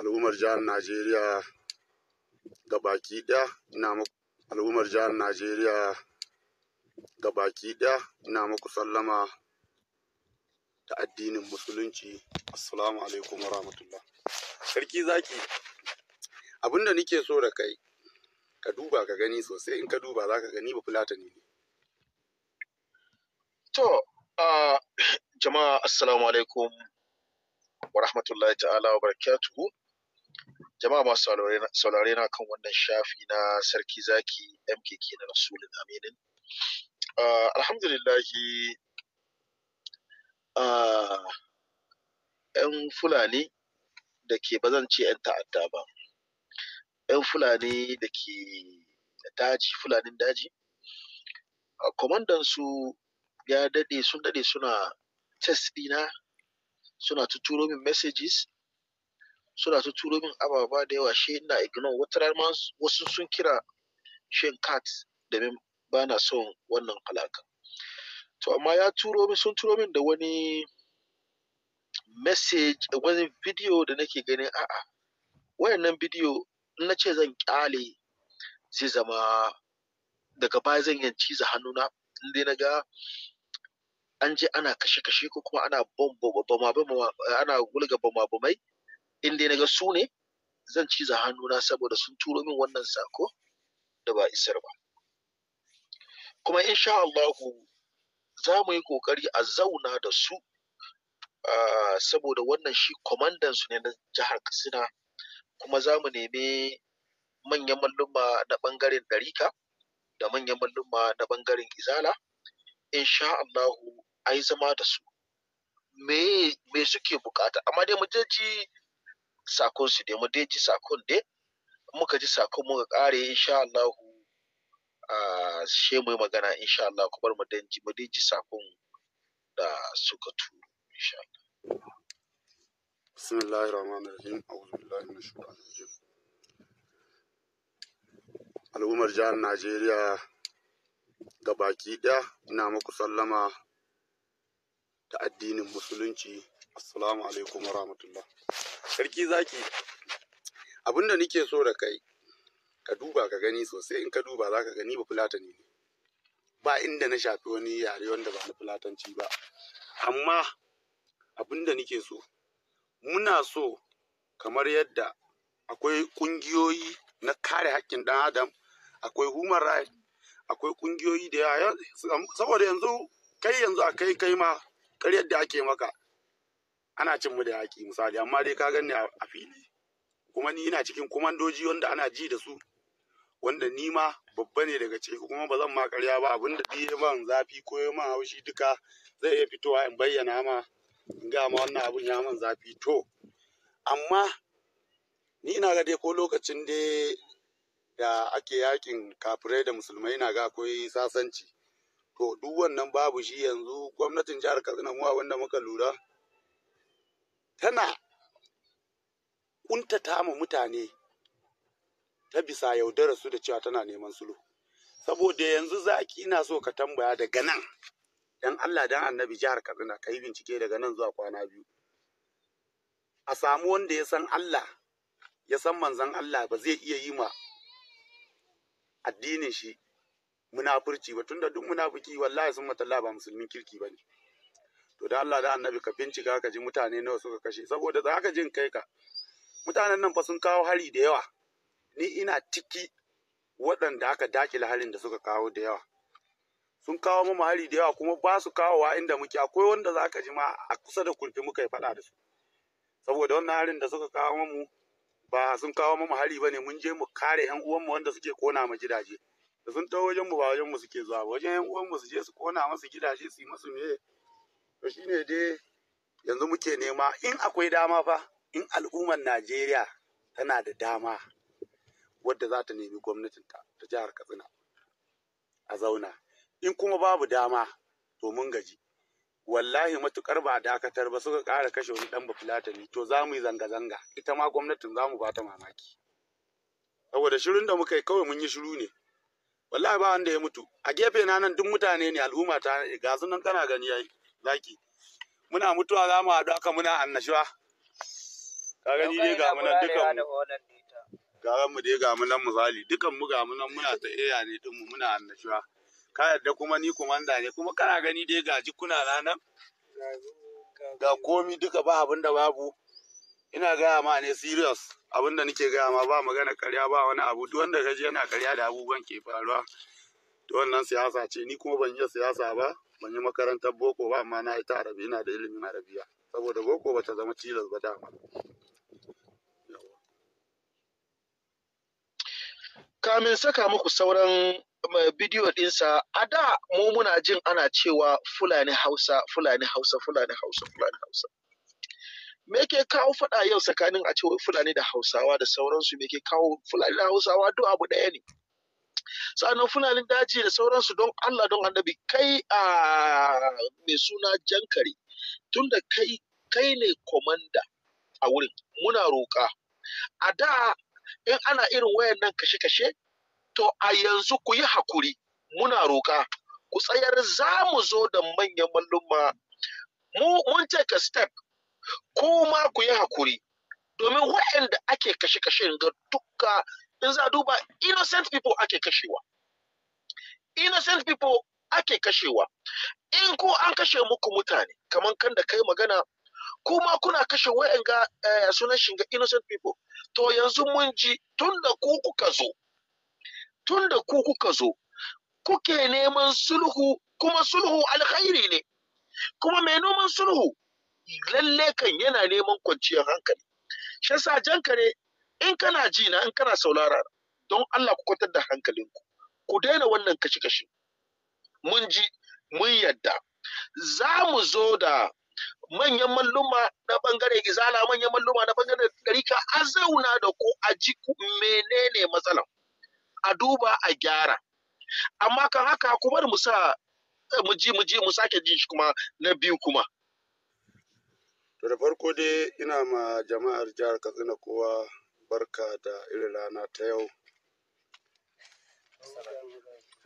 al'ummar jihar Najeriya ga baki ɗaya ina muku al'ummar jihar Najeriya ga baki ɗaya ina muku sallama da addinin musulunci assalamu alaikum wa rahmatullah sarki zaki abinda nake so da kai ka duba ka gani sosai in ka duba za ka gani ba fulata ne to ah, jama'a assalamu alaikum wa rahmatullahi ta'ala wa barakatuhu jama'a masu saurare na kan wannan shafi na sarki zaki mkk na rasulun aminin uh, alhamdulillahi yan ah, uh, fulani da ke ba zan ce yan ta'adda ba yan fulani da ke daji fulanin daji uh, ah, su ya dade sun dade suna test dina suna ta turo min messages suna ta turo min ababa da yawa shi ina ignore wata ma wasu sun kira shin cat da min ba na son wannan alakan to amma ya turo min sun turo min da wani message wani video da nake ganin a'a wayannan video in na ce zan kyale sai zama daga baya zan yanci za hannuna in dai na ga an je ana kashe-kashe ko kuma ana eh, ana gulga bama in dai naga su ne zan ciza hannuna saboda sun turo min wannan sako da ba isar ba kuma insha Allahu za mu yi kokari a zauna da su saboda wannan shi kwamandansu su ne na jihar Katsina kuma za mu nemi manyan malluma na bangaren Darika da manyan malluma na bangaren Izala insha Allahu a yi zama da su me suke bukata amma dai mu je ji sakon su dai mu dai ji sakon dai muka ji sakon muka kare insha Allah a she mu magana insha Allah bar mu dan ji mu dai ji sakon da suka turo insha Allah Bismillahirrahmanirrahim rahmanir rahim a'udhu billahi minash shaitanir rajim al'ummar jihar Najeriya ga baki ɗaya ina muku sallama ta addinin musulunci assalamu alaikum warahmatullah sarki zaki abinda nake so da kai ka duba ka gani sosai in ka duba za ka gani ba fulatani ne ba inda na shafi wani yare wanda ba na fulatanci ba amma abinda nake so muna so kamar yadda akwai ƙungiyoyi na kare haƙƙin ɗan adam akwai human rights akwai ƙungiyoyi da yawa saboda yanzu kai yanzu a kai kai ma ƙaryar da ake maka ana cin mu da yaƙi misali amma dai ka gani a fili kuma ni ina cikin kumandoji wanda ana ji da su wanda ni ma babba ne daga ciki kuma ba zan ma ƙarya ba abin da ya man zafi ko ya man haushi duka zai iya fitowa in bayyana ma in ga ma wannan abun ya man zafi to amma ni ina ga dai ko lokacin dai da ake yakin kafirai da musulmai ina ga akwai sasanci to duk wannan babu shi yanzu gwamnatin jihar katsina mu wanda muka lura tana kuntata ma mutane ta bisa yaudarar su da cewa tana neman sulhu saboda yanzu zaki ina so ka tambaya daga nan dan Allah dan annabi jihar Katsina ka yi bincike daga nan zuwa kwana biyu a samu wanda ya san Allah ya san manzon Allah ba zai iya yi ma addinin shi munafurci ba tunda duk munafiki wallahi sun matalla ba musulmin kirki ba ne to da Allah da annabi ka bincika ka ji mutane nawa suka kashe saboda za ka jin kai ka mutanen nan fa sun kawo hari da yawa ni ina tiki waɗanda aka dakile harin da suka kawo da yawa sun kawo mu hari da yawa kuma ba su kawowa inda muke akwai wanda za ka ji ma a kusa da kurfi muka yi faɗa da su saboda wannan harin da suka kawo mu ba sun kawo mu hari ba ne mun je mu kare 'yan uwanmu wanda suke kona mu gidaje da sun taho wajen mu ba wajen mu suke zuwa ba wajen yan uwan mu su je su kona masu gidaje su yi masu me to shine dai yanzu muke nema in akwai dama fa in al'ummar Najeriya tana da dama wadda za ta nemi gwamnatinta ta jihar Katsina a zauna in kuma babu dama to mun gaji wallahi matukar ba dakatar ba suka ƙara kashe wani dan bafulatani to za mu yi zanga-zanga ita ma gwamnatin za mu ba ta mamaki saboda shirin da muka yi kawai mun yi shiru ne wallahi ba wanda ya mutu a gefe na nan duk mutane ne al'umma ta ga su nan kana gani yayi zaki muna mutuwa za mu haɗu aka muna annashuwa ka gani dai ga munan dukan mu ga mu dai ga munan nan misali dukan mu ga munan nan muna ta iya ne din mu muna annashuwa ka yadda kuma ni kumanda ne kuma kana gani dai ga jikuna na nan ga komi duka ba abin da babu ina gaya ma ne serious abin da nake gaya ma ba magana karya ba wani abu duk wanda kaje yana karya da abubuwan ke faruwa to wannan siyasa ce ni kuma ban yi siyasa ba ban yi makarantar boko ba amma na yi ta arabi ina da ilimin arabiya saboda boko ba ta zama tilas ba dama kamin saka muku sauran eh, bidiyo ɗinsa a da mu muna jin ana cewa fulani hausa fulani hausa fulani hausa fulani hausa me ke kawo faɗa yau tsakanin a ce wai fulani da hausawa da sauransu me ke kawo fulani da hausawa duk abu ɗaya ne sa'annan fulanin daji da sauransu don allah don annabi kai a mai suna jankari tun da kai kai ne komanda a wurin muna roƙa a da in ana irin wayan nan kashe-kashe to a yanzu ku yi hakuri muna roƙa ku tsayar za mu zo da manyan mallumma. mun take step ko ma ku yi hakuri domin waɗanda ake kashe-kashe ga dukka in za duba innocent people ake kashewa innocent people ake kashewa in ko an kashe muku mutane kamar kan da kai magana kuma kuna kashe waɗanga eh, sunan shiga innocent people to yanzu mun ji tun da ku kuka zo tun da ku kuka zo kuke neman sulhu kuma sulhu alkhairi ne kuma mai noman sulhu lalle kan yana neman kwanciyar hankali shi sa jan kare in kana ji na in kana saurara don Allah ku kwantar da hankalinku ku daina wannan kashi kashi mun ji mun yadda za mu zo da manyan malluma na bangare izala manyan malluma na bangare ɗarika a zauna da ku a ji menene matsalan a duba a gyara amma kan haka kuma mu sa eh, mu ji mu ji mu sake ji shi kuma na biyu kuma To da farko dai ina ma jama'ar jihar Katsina kowa barka da irin rana ta yau.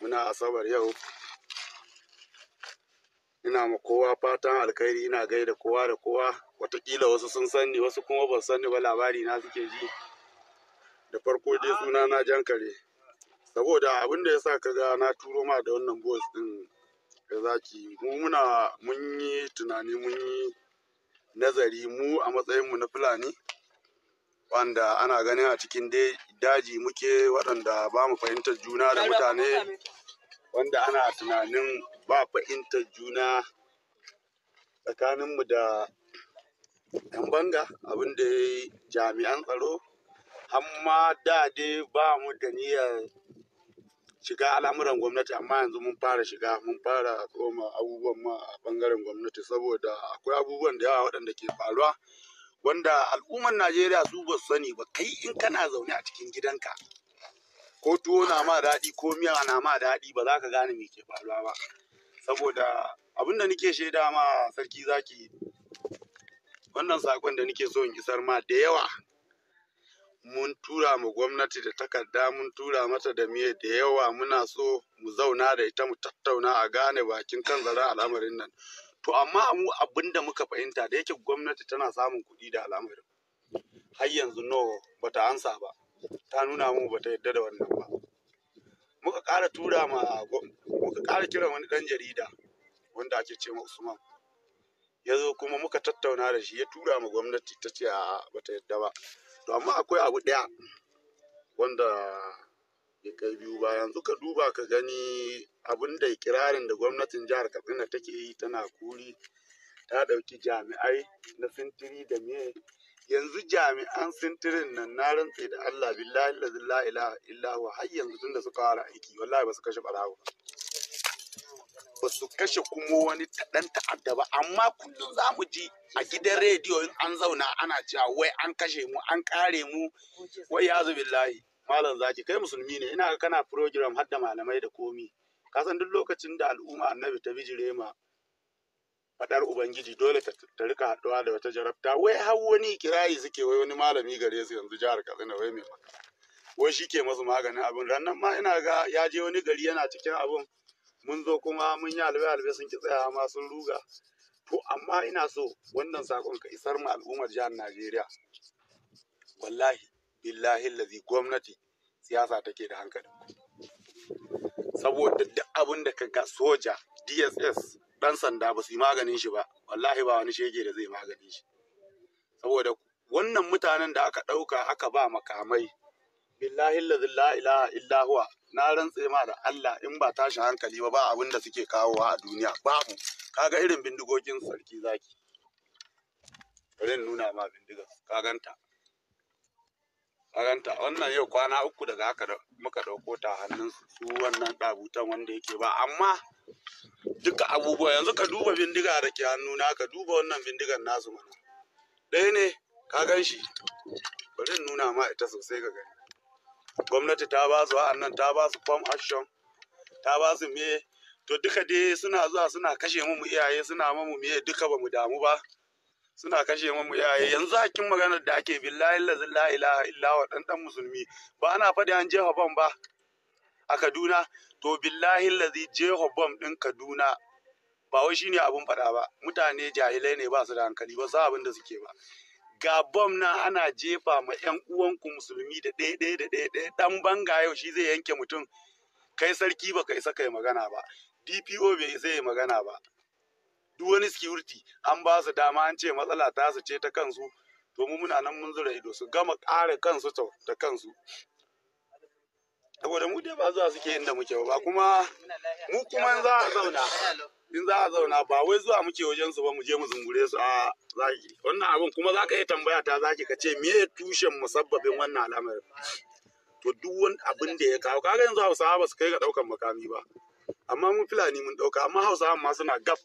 Muna Asabar yau. Ina ma kowa fatan alkhairi ina gaida kowa da kowa. Wataƙila wasu sun sani wasu kuma ba sani ba labari na suke ji. Da farko dai suna na jankare. Saboda abin da ya sa ka ga na turo ma da wannan bos ɗin da zaki mu muna mun yi tunani mun yi nazari mu a matsayinmu na fulani wanda ana ganin a cikin daji muke waɗanda ba mu fahimtar juna da mutane wanda ana tunanin ba fahimtar juna tsakaninmu da 'yan banga abin da ya yi jami'an tsaro amma da dai ba mu da niyyar shiga al'amuran gwamnati amma yanzu mun fara shiga mun fara tsoma abubuwan ma a bangaren gwamnati saboda akwai abubuwan da yawa waɗanda ke faruwa wanda al'ummar najeriya su ba sani ba kai in kana zaune a cikin gidanka ko tuwo na ma daɗi ko miya na ma daɗi ba za ka gane me ke faruwa ba saboda abinda nake shaida ma sarki zaki wannan sakon da nike so in isar ma da yawa mun tura ma gwamnati da takarda mun tura mata da miye da yawa muna so mu zauna da ita mu tattauna a gane bakin kan zara al'amarin nan to amma mu abin da muka fahimta da yake gwamnati tana samun kuɗi da al'amarin har yanzu no bata ansa ba ta nuna mu bata yadda da wannan ba muka ƙara tura ma muka ƙara kira wani ɗan jarida wanda ake ce ma Usman ya zo kuma muka tattauna da shi ya tura ma gwamnati ta ce bata yadda ba to amma akwai abu ɗaya wanda ya kai biyu ba yanzu ka duba ka gani abin da kirarin da gwamnatin jihar katsina take yi tana kuri ta ɗauki jami'ai na sintiri da me yanzu jami'an sintirin nan na rantse da allah billahi la ilaha illahu har yanzu tun da suka fara aiki wallahi ba su kashe ba ba su kashe kuma wani ɗan ta'adda ba amma kullum za mu ji a gidan rediyo in an zauna ana cewa wai an kashe mu an kare mu wai ya billahi malam zaki kai musulmi ne ina ga kana program har da malamai da komi ka san duk lokacin da al'umma annabi ta bijire ma fadar ubangiji dole ta rika haɗuwa da wata jarabta wai har wani kirayi suke wai wani malami gare su yanzu jihar katsina wai mai wai shi ke masu maganin abin rannan ma ina ga ya je wani gari yana cikin abin mun zo kuma mun yi albe albe sun ki tsaya ma sun ruga to amma ina so wannan sakon ka isar mu al'ummar jihar Najeriya wallahi billahi lazi gwamnati siyasa take da hankali saboda duk abin da ka ga soja DSS dan sanda ba su yi maganin shi ba wallahi ba wani shege da zai maganin shi saboda wannan mutanen da aka ɗauka aka ba makamai billahi la ilaha illa huwa na rantse ma da Allah in ba tashi hankali ba ba abin da suke kawowa a duniya babu kaga irin bindigogin sarki zaki bari nuna ma bindiga ka ganta ka ganta wannan yau kwana uku daga haka muka ɗauko ta hannun su wannan dabutan wanda yake ba amma duka abubuwa yanzu ka duba bindiga da ke hannuna ka duba wannan bindigan nasu mana ɗaya ne ka gan shi bari nuna ma ita sosai ka gani gwamnati ta ba su wa'annan ta ba su form action ta ba su me to duka dai suna zuwa suna kashe mu iyaye suna mamu me duka ba mu damu ba suna kashe mu iyaye yanzu kin maganar da ake billahi la ilaha illa wa dan dan musulmi ba ana faɗi an jefa bom ba a Kaduna to billahi lazi jefa bom din Kaduna ba wai shine abun faɗa ba mutane jahilai ne ba su da hankali ba su abin da suke ba ga bom nan ana jefa ma 'yan uwanku musulmi da ɗaya ɗaya da ɗaya ɗaya ɗan banga yau shi zai yanke mutum kai sarki ba kai magana ba dpo bai isa yi magana ba duk wani security an ba su dama an ce matsala ta su ce ta kansu to mu muna nan mun zura ido su gama ƙara kansu ta kansu saboda mu dai ba zuwa suke inda muke ba kuma mu kuma za a zauna in za a zauna ba wai zuwa muke wajen su ba mu je mu zungure su a zaki wannan abin kuma za ka iya tambaya ta zaki ka ce me tushen musabbabin wannan al'amarin to duk wani abin da ya kawo kaga yanzu hausawa ba su kai ga daukan makami ba amma mun fulani mun dauka amma hausawa ma suna gaf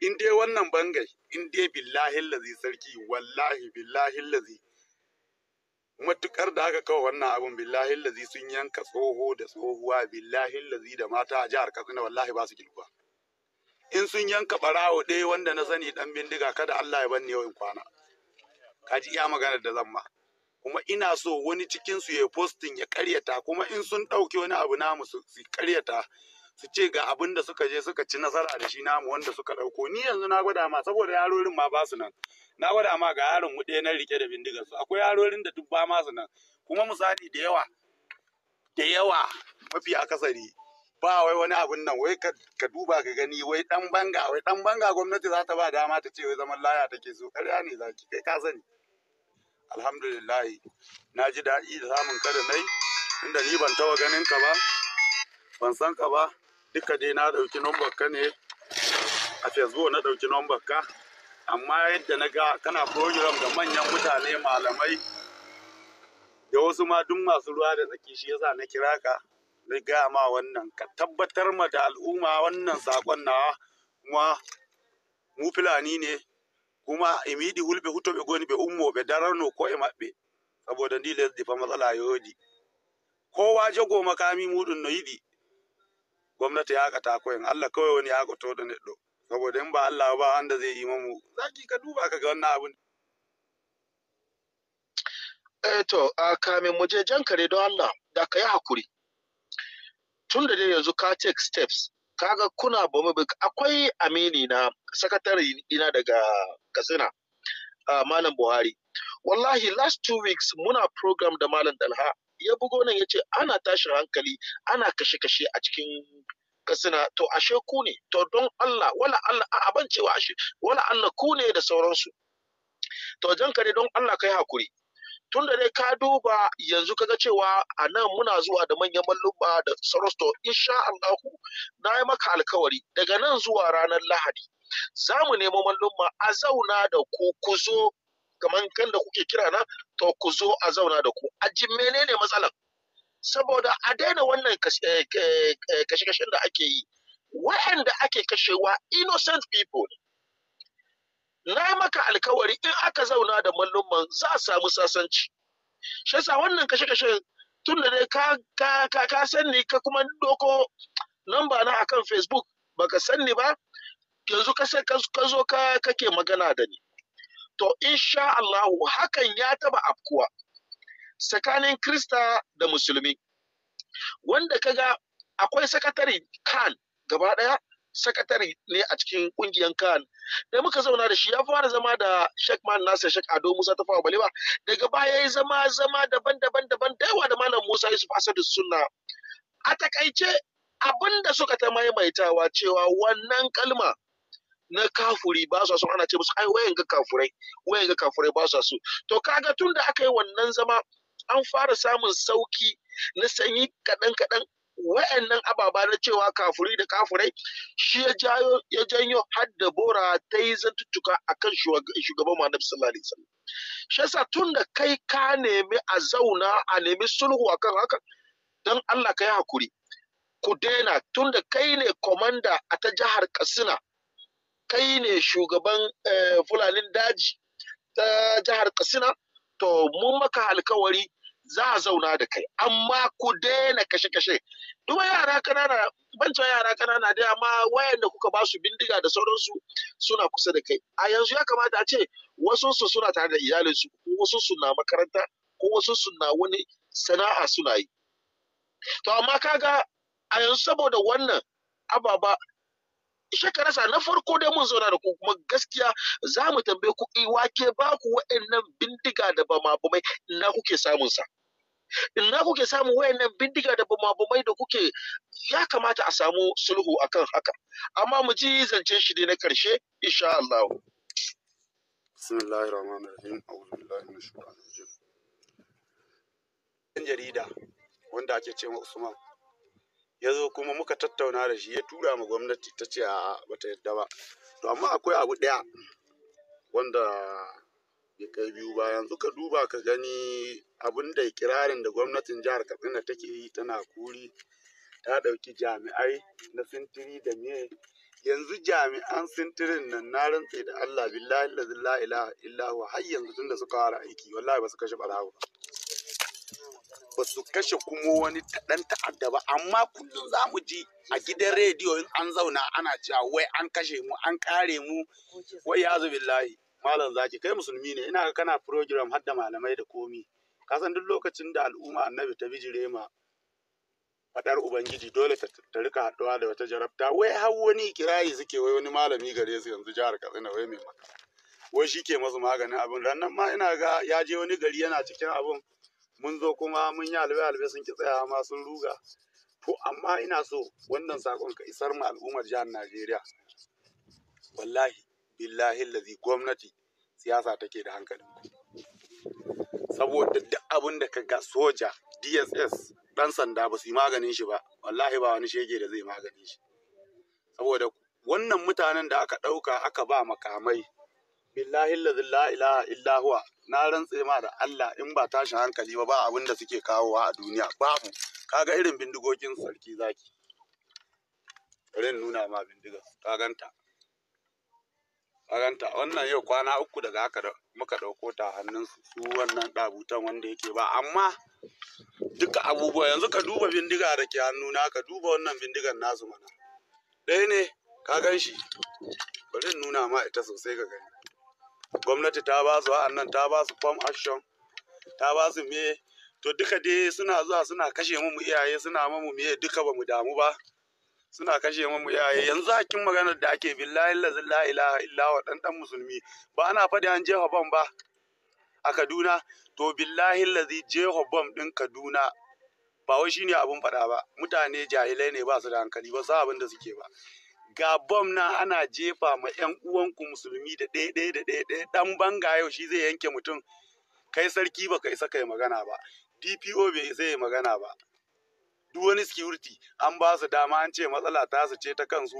in dai wannan bangai in dai billahi lazi sarki wallahi billahi lazi matukar da aka kawo wannan abun billahi lazi sun yanka tsoho da tsohuwa billahi lazi da mata a jihar katsina wallahi ba su kilkuwa in sun yanka barawo ɗaya wanda na sani ɗan bindiga kada Allah ya banni yawan kwana Ka ji iya maganar da zan ma kuma ina so wani cikin su ya posting ya karyata kuma in sun ɗauki wani abu namu su karyata su ce ga abin da suka je suka ci nasara da shi namu wanda suka ɗauko ni yanzu na gwada ma saboda yarorin ma ba su nan na gwada ma ga yaron mu ɗaya na rike da bindigar su akwai yarorin da duk ba ma su nan kuma misali da yawa da yawa mafi akasari ba wai wani abin nan wai ka duba ka gani wai dan banga wai dan banga gwamnati za ta ba dama ta ce wai zaman laya take so ƙarya ne zaki kai ka sani alhamdulillah na ji daɗi da samun ka da nai inda ni ban tawa ganin ka ba ban san ka ba duka dai na dauki number ka ne a facebook na ɗauki number ka amma yadda na ga kana program da manyan mutane malamai da wasu ma duk masu ruwa da tsaki shi yasa na kira ka zai gaya ma wannan ka tabbatar ma da al'umma wannan sakon nawa kuma mu fulani ne kuma imidi huto be goni ɓe ummo darano ko e maɓɓe saboda ndi le fa matsala yodi kowa jago makami mudun no yiɗi gwamnati ya ko koyen allah kawai woni da neɗɗo saboda in ba allah ba anda zai yi mu zaki ka duba ka ga wannan abun eh to kamin mu je jan kare don allah da ka yi hakuri tun da dai yanzu ka take steps kaga kuna ba mu akwai amini na sakatare ina daga katsina uh, malam buhari wallahi last two weeks muna program da malam dalha ya bugo nan ya ce ana tashin hankali ana kashe-kashe a cikin kasina to ashe ku ne to don Allah wala Allah a ban ashe wala Allah ku ne da sauransu to jan kare don Allah kai hakuri tun da dai ka duba yanzu kaga cewa a nan muna zuwa da manyan mallumma da sarosto insha Allahu na yi maka alkawari daga nan zuwa ranar Lahadi za mu nemo mallum'a a zauna da ku ku zo kamar kan da kuke kira na to ku zo a zauna da ku a ji menene matsalar saboda a daina wannan eh, eh, eh, kashe-kashen da ake yi wa'anda ake kashewa innocent people na maka alkawari in aka zauna da mallumman za a samu sasanci shi wannan kashe-kashen tun da ka ka ka ka kuma doko ba na akan facebook baka sanni ba yanzu ka ka zo ka kake magana da ni to insha Allah hakan ya taba afkuwa tsakanin krista da musulmi wanda kaga akwai sakatari kan gaba ɗaya? sakatare ne a cikin kungiyar kan da muka zauna da shi ya fara zama da Sheikh Man Nasir Sheikh Ado Musa ta fawa ba. daga baya ya zama zama daban-daban daban da yawa da Malam Musa Yusuf Asadu Sunna a takaice abinda da suka ta maimaitawa cewa wannan kalma na kafuri ba su ana ce musu ai wayan ga kafurai wayan ga kafurai ba su su to kaga tun da aka yi wannan zama an fara samun sauki na sanyi kaɗan kaɗan wa'annan ababa na cewa kafuri da kafurai shi ya jayo ya janyo har da bora ta yi zantuttuka a kan shugaban Muhammad sallallahu alaihi wasallam shi yasa tun da kai ka nemi a zauna a nemi sulhu akan haka don Allah ka yi hakuri ku daina tun da kai ne komanda a ta jihar Katsina kai ne shugaban eh, fulanin daji ta jihar Katsina to mun maka alkawari za a zauna da kai amma ku daina kashe-kashe duba yara kanana bancewa yara kanana dai amma wayanda kuka basu bindiga da sauransu suna kusa da kai a yanzu ya kamata a ce wasu su suna tare da iyalinsu ko wasu su na makaranta ko wasu su na wani sana'a suna yi to amma kaga a yanzu saboda wannan ababa shekararsa na farko dai mun zauna da ku kuma gaskiya za mu tambaye ku eh, ke ba ku wa'annan bindiga da bamabamai, ina na kuke samun sa inna kuke samun wayannan bindiga da bumabumai da kuke ya kamata a samu sulhu akan haka amma mu ji zancen shi ne na karshe insha Allah bismillahir rahmanir rahim a'udhu billahi minash shaitanir rajim dan jarida wanda ake ce ma Usman ya zo kuma muka tattauna da shi ya tura ma gwamnati ta ce a bata yadda ba to amma akwai abu daya wanda Ya kai biyu ba yanzu ka duba ka gani abin da kirarin da gwamnatin jihar katsina take yi tana kuri ta ɗauki jami'ai na sintiri da me yanzu jami'an sintirin nan na rantse da allah billahi la ilaha illahu har yanzu tunda suka fara aiki wallahi ba su kashe barawo ba ba su kashe kuma wani ɗan ta'adda ba amma kullum za mu ji a gidan rediyo in an zauna ana cewa wai an kashe mu an kare mu wai ya billahi malam zaki kai musulmi ne ina kana program har da malamai da komi ka san duk lokacin da al'umma annabi ta bijire ma fadar ubangiji dole ta rika haduwa da wata jarabta wai har wani kirayi suke wai wani malami gare su yanzu jihar katsina wai mai maka wai shi ke masu maganin abin rannan ma ina ga ya je wani gari yana cikin abin mun zo kuma mun yi albe albe sun ki tsaya ma sun ruga to amma ina so wannan sakon ka isar ma al'ummar jihar najeriya wallahi billahi lazi gwamnati siyasa take da hankalin saboda duk abin da ka ga soja dss dan sanda ba su yi maganin shi ba wallahi ba wani shege da zai maganin shi saboda wannan mutanen da aka ɗauka aka ba makamai billahi la ilaha illa huwa na rantse ma da Allah in ba tashin hankali ba ba abin da suke kawowa a duniya babu kaga irin bindigogin sarki zaki Rin nuna ma bindiga ka ganta karanta wannan yau kwana uku daga haka muka ɗauko ta hannun su wannan ɗabutan wanda yake ba amma duka abubuwa yanzu ka duba bindiga da ke na ka duba wannan bindigan nasu mana ɗaya ne ka gan shi bari nuna ma ita sosai ga gani gwamnati ta ba su wa'annan ta ba su form action ta ba su me to duka dai suna zuwa suna kashe mu iyaye suna mamu me duka ba mu damu ba suna kashe mu yaye yanzu hakin magana da ake billahi la ilaha illa wa dan dan musulmi ba ana faɗi an jefa bom ba a Kaduna to billahi lazi jefa bom din Kaduna ba wai shine abun faɗa ba mutane jahilai ne ba su da hankali ba su abin da suke ba ga bom na ana jefa ma yan uwanku musulmi da ɗaya ɗaya da ɗaya ɗaya dan banga yau shi zai yanke mutum kai sarki ba kai isa kai magana ba DPO bai isa ya magana ba duk wani security an ba su dama an ce matsala ta su ce ta kansu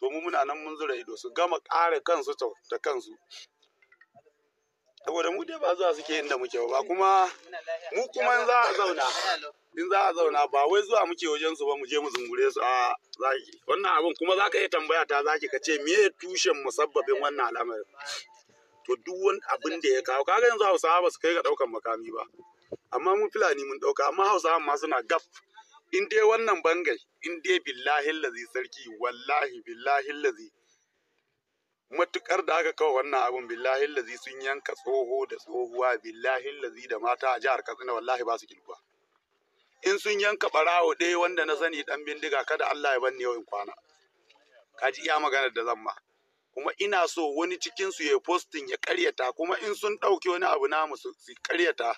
to mu muna nan mun zura ido su gama kare kansu ta kansu saboda mu dai ba zuwa suke inda muke ba kuma mu kuma in za a zauna in za a zauna ba wai zuwa muke wajen su ba mu je mu zungure su a zaki wannan abin kuma za ka iya tambaya ta zaki ka ce me tushen musabbabin wannan al'amarin to duk wani abin da ya kawo kaga yanzu hausawa ba su kai ga daukan makami ba amma mun fulani mun dauka amma hausawa ma suna gaf in dai wannan bangai in dai billahi lazi sarki wallahi billahi lazi matukar da aka kawo wannan abun billahi lazi sun yanka tsoho da tsohuwa billahi lazi da mata a jihar katsina wallahi ba su kilkuwa in sun yanka barawo ɗaya wanda na sani dan bindiga kada allah ya banne yau in kwana ka ji iya maganar da zan ma kuma ina so wani cikinsu ya posting ya karyata kuma in sun ɗauki wani abu namu su karyata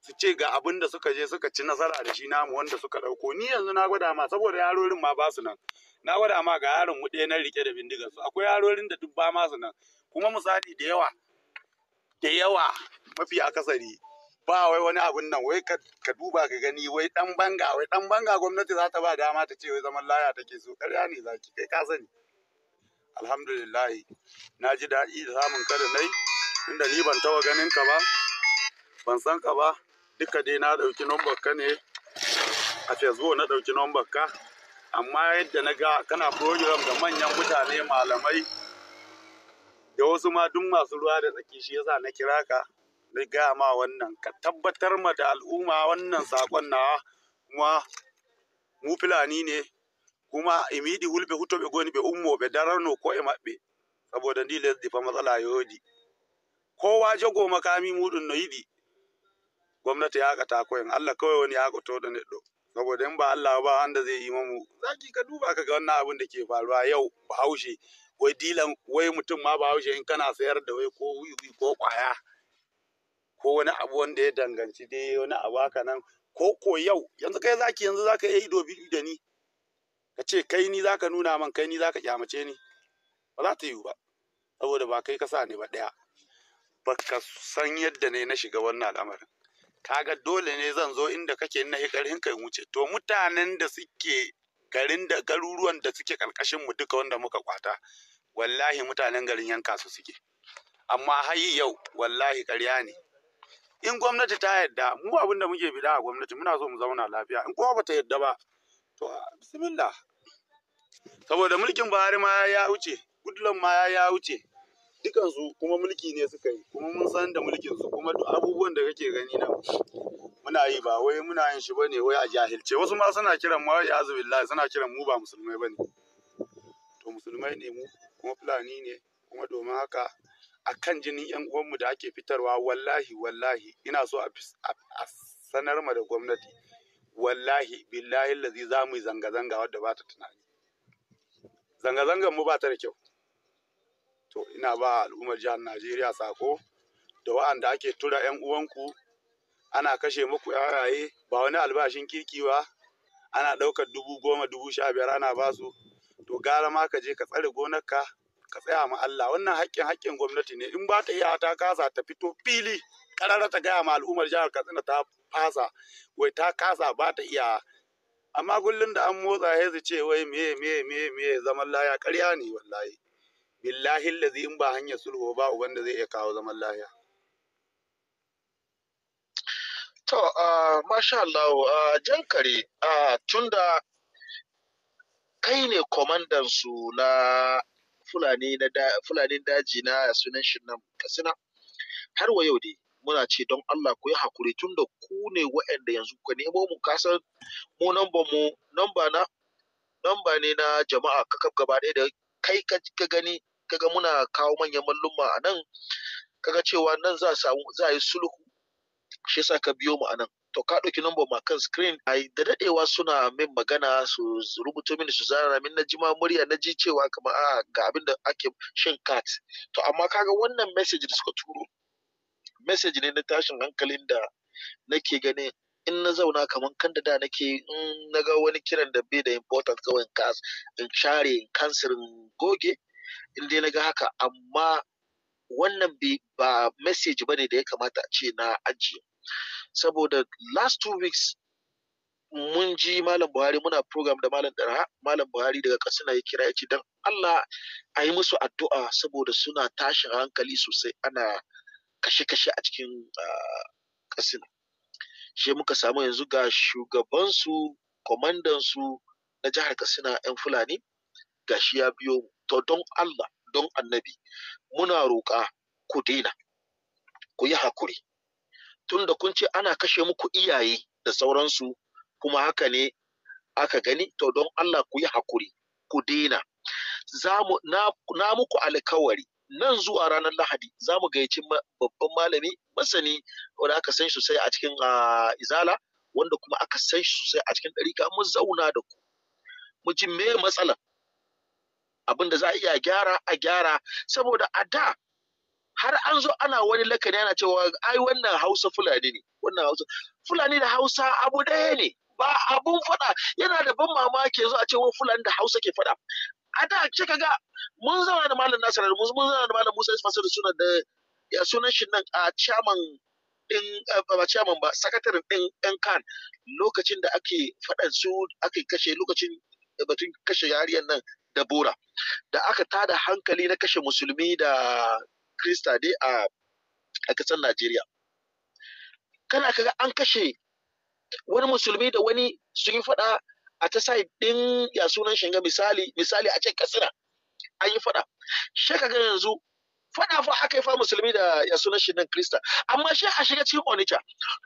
su ce ga abin da suka je suka ci nasara da shi namu wanda suka ɗauko ni yanzu na gwada ma saboda yarorin ma ba su nan na gwada ma ga yaron mu ɗaya na rike da bindigar su akwai yarorin da duk ba ma su nan kuma misali da yawa da yawa mafi akasari ba wai wani abun nan wai ka duba ka gani wai dan banga wai dan banga gwamnati za ta ba dama ta ce wai zaman laya take so ƙarya ne zaki kai ka sani alhamdulillah na ji daɗi da samun kada nai tunda ni ban taɓa ganin ka ba ban san ka ba duka dai na ɗauki numbar ka ne a facebook na ɗauki numbar ka amma yadda na ga kana program da manyan mutane malamai da wasu ma duk masu ruwa da tsaki shi yasa na kira ka na gaya ma wannan ka tabbatar ma da al'umma wannan sakon nawa kuma mu fulani ne kuma imidi hulbe huto be goni be ummo be darano ko e mabbe saboda ndi lesdi fa matsala yodi kowa jago makami mudun no gwamnati ya haƙa takoyin Allah kawai wani ya kuto da ne saboda in ba Allah ba wanda zai yi mamu zaki ka duba ka ga wannan abin da ke faruwa yau bahaushe wai dilan wai mutum ma bahaushe in kana sayar da wai ko wiwi ko kwaya ko wani abu wanda ya danganci dai wani abu haka nan ko ko yau yanzu kai zaki yanzu zaka iya ido biyu da ni ka ce kai ni zaka nuna man kai ni zaka kyamace ni ba za ta yiwu ba saboda ba kai ka sa ni ba daya ba ka san yadda ne na shiga wannan al'amarin kaga dole ne zan zo inda kake na ƙarfin kai wuce to mutanen da suke garin da garuruwan da suke karkashin mu duka wanda muka kwata wallahi mutanen garin yanka su suke amma hayi yau wallahi ƙarya ne in gwamnati ta yadda mu abin da muke bida a gwamnati muna so mu zauna lafiya in kuma bata yadda ba to bismillah saboda mulkin Buhari ma ya wuce Goodluck ma ya wuce dukansu kuma mulki ne suka yi kuma mun san da mulkin su kuma duk abubuwan da kake gani na muna yi ba wai muna yin shi bane wai a jahilce wasu ma suna kiran ma ya azubillahi suna kiran mu ba musulmai bane to musulmai ne mu kuma fulani ne kuma domin haka akan jinin yan uwanmu da ake fitarwa wallahi wallahi ina so a sanar ma da gwamnati wallahi billahi lazi za mu yi zanga-zanga wadda ba ta tunani zanga-zangan mu ba ta da kyau to ina ba al'ummar jihar najeriya sako da wa'anda ake tura 'yan uwanku ana kashe muku yaraye ba wani albashin kirki ba ana ɗaukar dubu goma dubu sha biyar ana ba su to gara ma ka je ka tsare gonarka ka tsaya ma Allah wannan haƙƙin haƙƙin gwamnati ne in ba ta iya ta kasa ta fito fili ƙarara ta gaya ma al'ummar jihar Katsina ta fasa wai ta kasa ba ta iya amma kullum da an motsa ya ce wai meye meye meye meye zaman laya ƙarya ne wallahi billahi lazi in ba hanyar sulhu ba ubanda zai iya kawo zaman lahiya to uh, masha Allah uh, jankare uh, tunda kai ne komandan su na fulani na fulani daji na sunan shi nan kasina har wa yau dai muna ce don Allah ku yi hakuri tunda ku ne wa'anda yanzu ku nemo mu kasar mu namba mu namba na namba ne na jama'a kakab gaba ɗaya da kai ka gani kaga muna kawo manyan mallumma a nan kaga cewa nan za za a yi sulhu shi yasa ka biyo mu a nan to ka ɗauki number ma kan screen ai da daɗewa suna min magana su rubuto mini su zara min na jima murya na ji cewa kamar a ah, ga abin da ake shin cat to amma kaga wannan message da suka turo message ne na tashin hankalin da nake ganin in na zauna kamar kan da da nake in na ga wani kiran da bai da important kawai in in share in kansir in goge in dai na ga haka amma wannan ba message bane da ya kamata a ce na aji saboda last two weeks mun ji malam buhari muna program da malam dara malam buhari daga katsina ya kira ya ce don allah a yi musu addu'a saboda suna tashin hankali sosai ana kashe-kashe a cikin katsina shi muka samu yanzu ga shugabansu kwamandansu na jihar katsina yan fulani ga shi ya biyo mu to don Allah don annabi muna roƙa ku daina ku yi hakuri tunda kun ce ana kashe muku iyaye da sauransu kuma haka ne aka gani to don Allah ku yi hakuri ku daina na muku alkawari nan zuwa ranar lahadi za mu gayyaci babban malami masani wanda aka san sosai a cikin izala wanda kuma aka san shi sosai a cikin ɗarika mu zauna da ku mu ji me matsalar abin da za a iya gyara a gyara saboda a da har an zo ana wani lakani ana cewa ai wannan hausa fulani ne wannan hausa fulani da hausa abu ɗaya ne ba abun faɗa yana da ban mamaki yanzu a ce wani fulani da hausa ke faɗa a da ce ga mun zauna da malam nasara mun zauna da malam musa isfasir suna da ya sunan shi nan a chairman din eh, ba chairman ba sakataren din yan kan lokacin da ake faɗan su ake kashe lokacin batun kashe yariyan nan da bora da aka tada hankali na kashe musulmi da krista dai a a kasar najeriya kana kaga an kashe wani musulmi da wani sun yi fada a ta sa din ya sunan shiga misali misali a cikin kasira an yi fada shekaga yanzu fada fa aka yi fa musulmi da ya suna shi nan krista amma shi a shiga cikin onitsha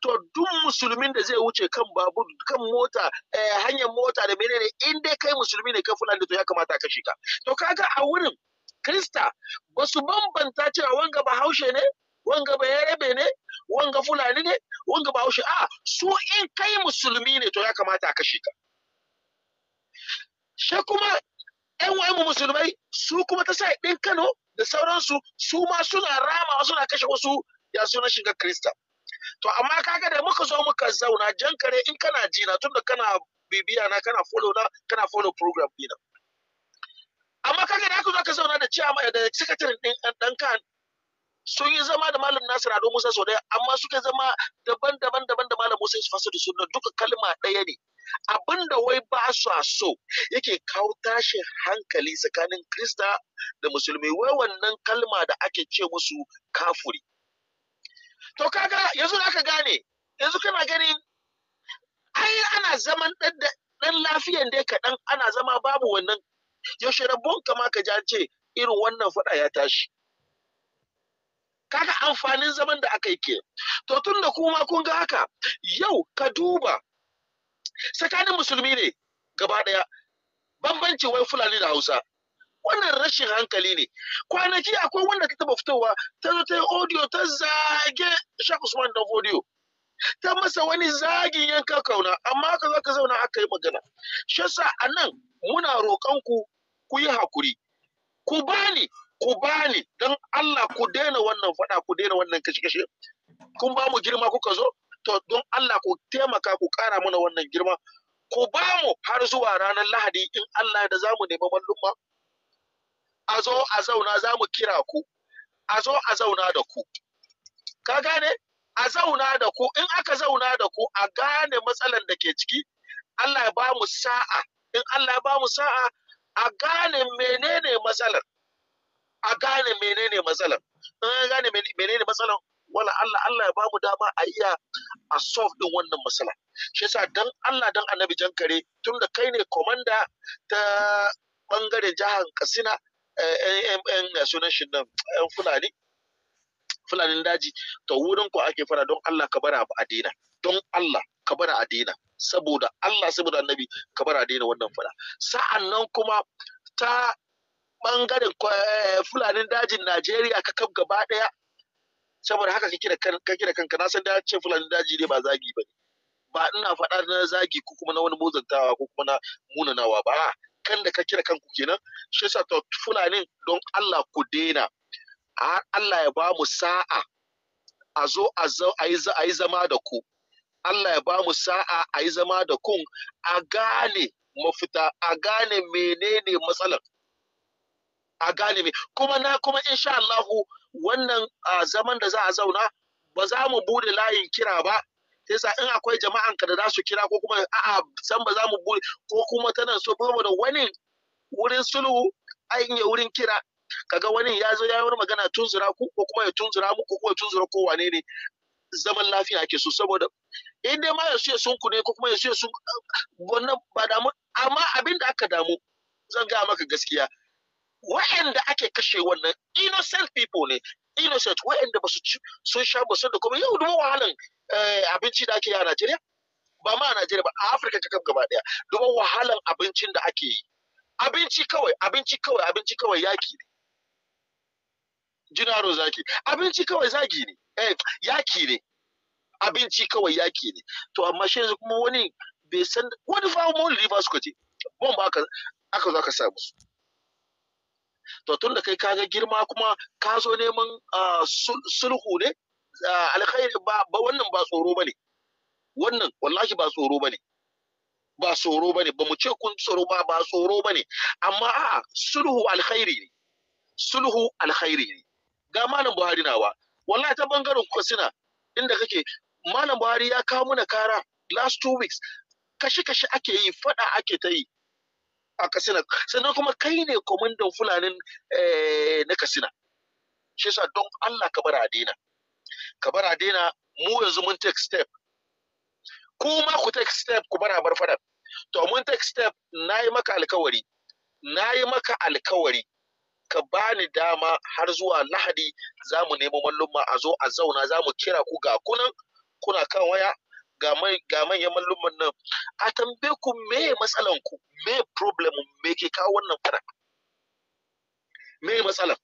to duk musulmin da zai wuce kan babur kan mota eh, hanyar mota da menene in dai kai musulmi ne kai fulani to ya kamata ka shiga to kaga a wurin krista basu bambanta cewa wanga bahaushe ne wanga ba yarebe ne wanga fulani ne wanga bahaushe a su in kai musulmi ne to ya kamata ka shiga shi kuma 'yan wayan musulmai su kuma ta sa ɗin Kano da sauransu su ma suna rama suna kashe wasu ya suna shiga Krista. To amma kaga da muka zo muka zauna jan kare in kana jina tunda kana bibiya na kana follow na kana follow program dina. Amma kaga da aka zo ka zauna da ciyama da sakataren ɗin ɗan kan sun yi zama da malam Nasir Ado Musa sau amma suka zama daban-daban daban da malam Musa Yusuf Asadu Sunna duka kalma ɗaya ne. abin da wai ba su so yake kawo tashin hankali tsakanin krista da musulmi wai wannan kalma da ake ce musu kafuri to kaga yanzu da aka gane yanzu kana gani ai ana zaman dan lafiyan dai kaɗan ana zama babu wannan yaushe rabon kama ka ja ce irin wannan faɗa ya tashi kaga amfanin zaman da aka yi ke to tun da kuma kun ga haka yau ka duba tsakanin musulmi ne gaba ɗaya. bambanci wai fulani da hausa wannan rashin hankali ne kwanaki akwai wanda ta taba fitowa ta zo ta yi audio ta zage shak usman dan audio ta masa wani zagin yanka kauna amma haka za ka zauna haka yi magana shi a nan muna roƙon ku ku yi hakuri ku bani ku bani don Allah ku daina wannan faɗa ku daina wannan kashe-kashe kun ba mu girma kuka zo to don Allah ku taimaka ku ƙara mana wannan girma ku ba mu har zuwa ranar Lahadi in Allah da za mu nemi ma a zo a zauna za mu kira ku a zo a zauna da ku ka gane a zauna da ku in aka zauna da ku a gane matsalan da ke ciki Allah ya ba mu sa'a in Allah ya ba mu sa'a a gane menene matsalar a gane menene matsalar in gane menene matsalar wala Allah Allah ya ba mu dama a iya a solve din wannan matsala shi yasa dan Allah dan Annabi Jankare tun da kai ne commander ta bangare jihar Katsina yan eh, eh, eh, sunan shi nan ɗan Fulani Fulanin daji to wurin ku ake fara don Allah ka bara a dina don Allah ka bara a dina saboda Allah saboda Annabi ka bara a dina wannan fara sa'annan kuma ta bangaren fulanin dajin Najeriya ka kaf gaba daya saboda haka kake da kake kanka na san da ce fulani daji ne ba zagi ba ba ina faɗa na zagi ko kuma na wani mozantawa ko kuma na munanawa ba kan da kira kanku kenan shi yasa to fulani don Allah ku daina Allah ya ba mu sa'a a zo a yi zama da ku Allah ya ba mu sa'a a yi zama da kun a gane mafita a gane menene matsalar a gane me kuma na kuma insha Allahu wannan zaman da za a zauna ba za mu bude layin kira ba sai sa in akwai jama'an ka da za su kira ko kuma a'a san ba za mu bude ko kuma tana so da wani wurin sulhu ai ya wurin kira kaga wani ya zo ya yi wani magana tunzura ku ko kuma ya tunzura mu ko kuma ya tunzura ko wane ne zaman lafiya ake so saboda in dai ma ya suya sun ku ne ko kuma ya suya sun wannan ba damu amma abin da aka damu zan gaya maka gaskiya wa'anda ake kashe wannan innocent people ne innocent wa'anda ba su ci sun sha ba da kuma yau dubu wahalan eh, abinci da ake yi a Najeriya ba ma a Najeriya ba a Afirka ta gaba daya dubu wahalan abincin da ake yi abinci kawai abinci kawai abinci kawai yaki ne jinaro zaki abinci kawai zagi ne eh yaki ne abinci kawai yaki ne to amma shi yanzu kuma wani bai san wani fa mun riba suka je bomba aka aka zo aka sa musu to tun da kai kaga girma kuma ka zo neman sulhu ne alkhairi ba wannan ba tsoro bane wannan wallahi ba tsoro bane ba tsoro bane ba mu ce kun tsoro ba ba tsoro bane amma a sulhu alkhairi ne sulhu alkhairi ne ga malam Buhari nawa wallahi ta bangaren Kusina. inda kake malam Buhari ya kawo mana kara last two weeks kashi kashi ake yi fada ake ta yi a kasina, sannan kuma kai ne komandan fulanin eh, na katsina shi yasa don allah ka bar adena ka bar adena mu yanzu mun take step kuma ku take step ku bara bar fada to mun take step na maka alkawari nayi maka alkawari ka bani dama har zuwa lahadi za mu nemo mallumma a zo a zauna za mu kira ku ga kunan kuna kan waya ga manyan malluman nan a tambe ku me matsalan ku me problem me ke kawo wannan fara me matsalan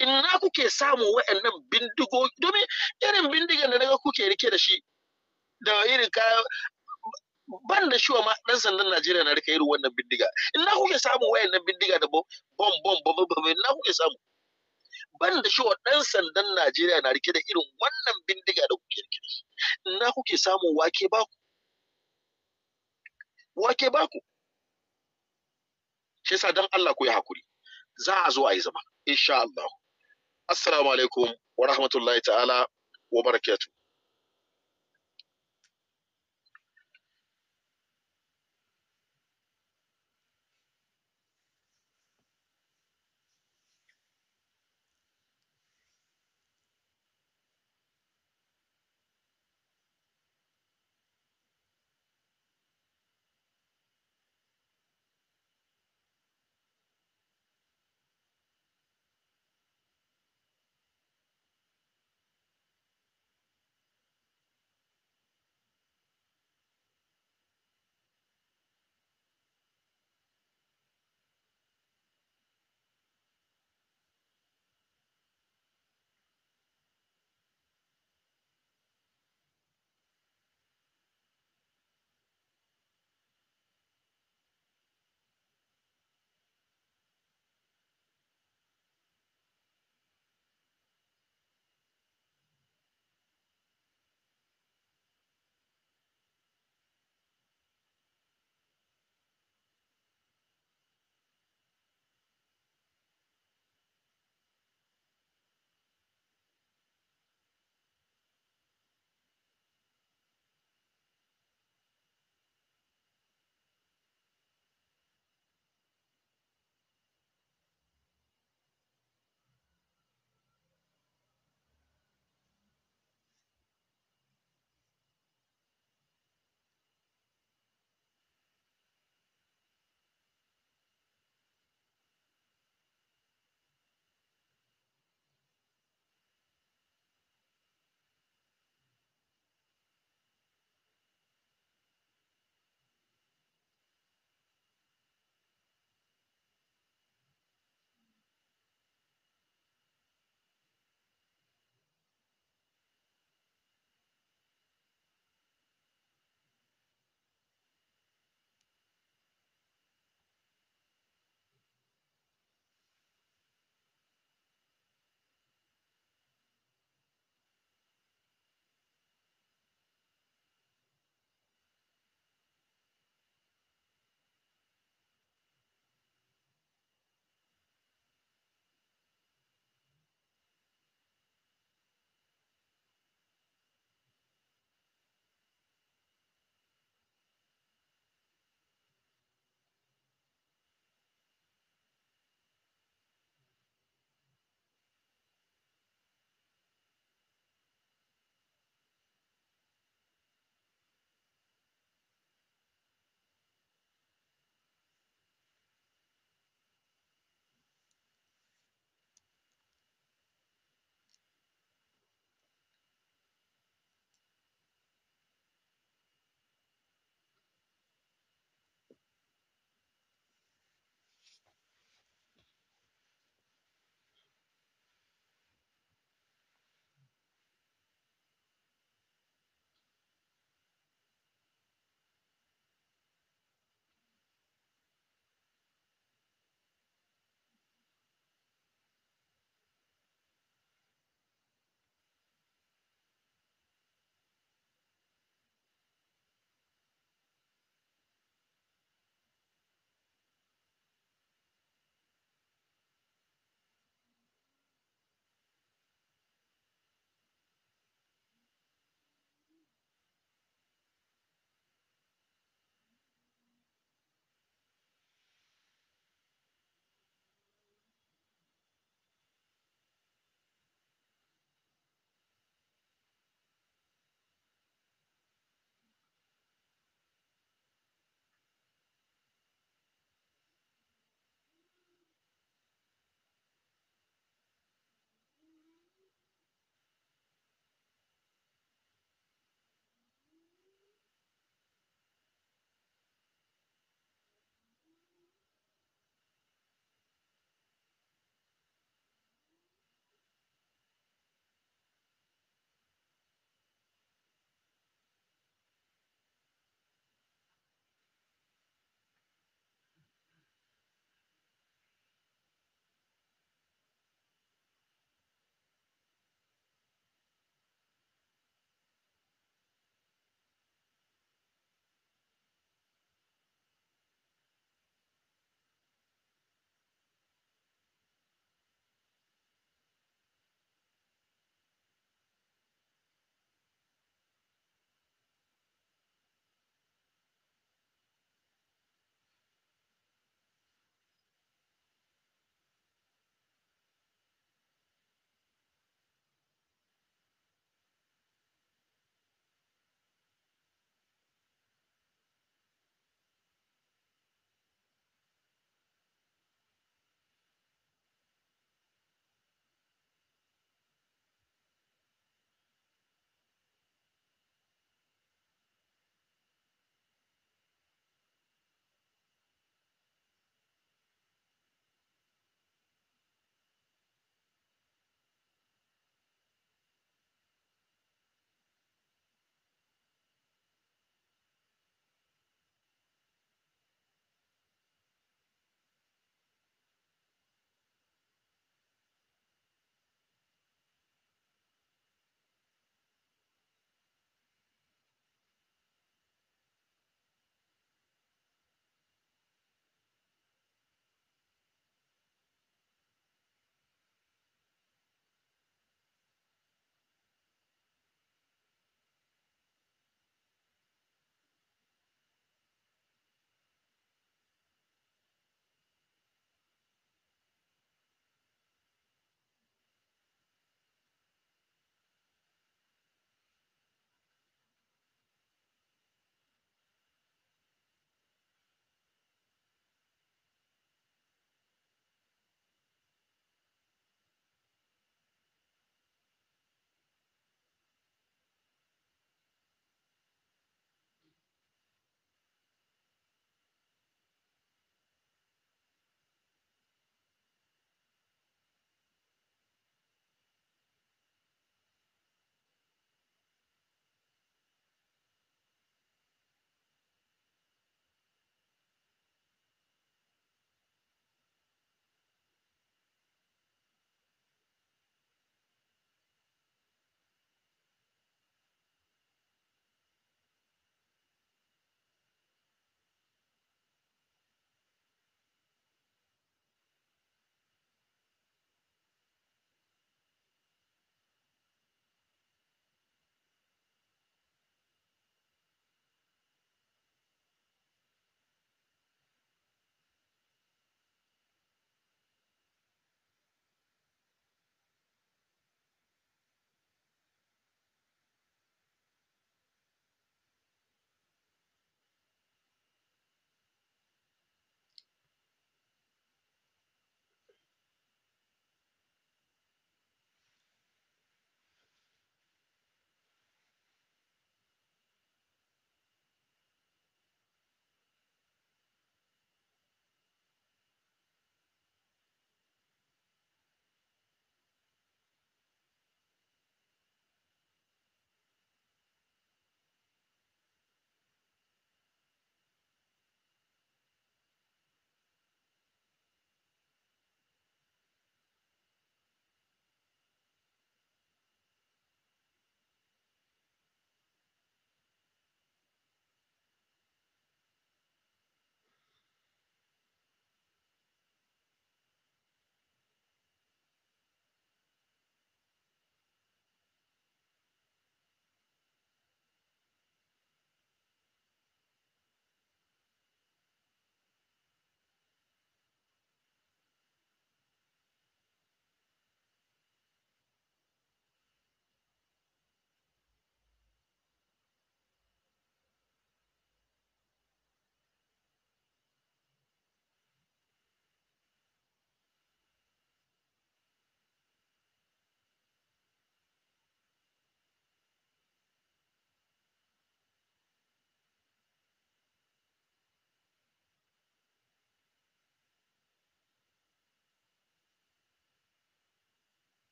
ina kuke samu wa'annan bindigo domin irin bindigan da daga kuke rike da shi da irin ka ban da shiwa ma dan sandan Najeriya na rika irin wannan bindiga ina kuke samu wa'annan bindiga da bom bom bom bom ina kuke samu ban da shiwa dan sandan Najeriya na rike da irin wannan bindiga da ina kuke samun wake baku wake baku shi yasa dan Allah ku yi hakuri za a zo a yi zama insha Allah assalamu alaikum wa rahmatullahi ta'ala wa barakatuh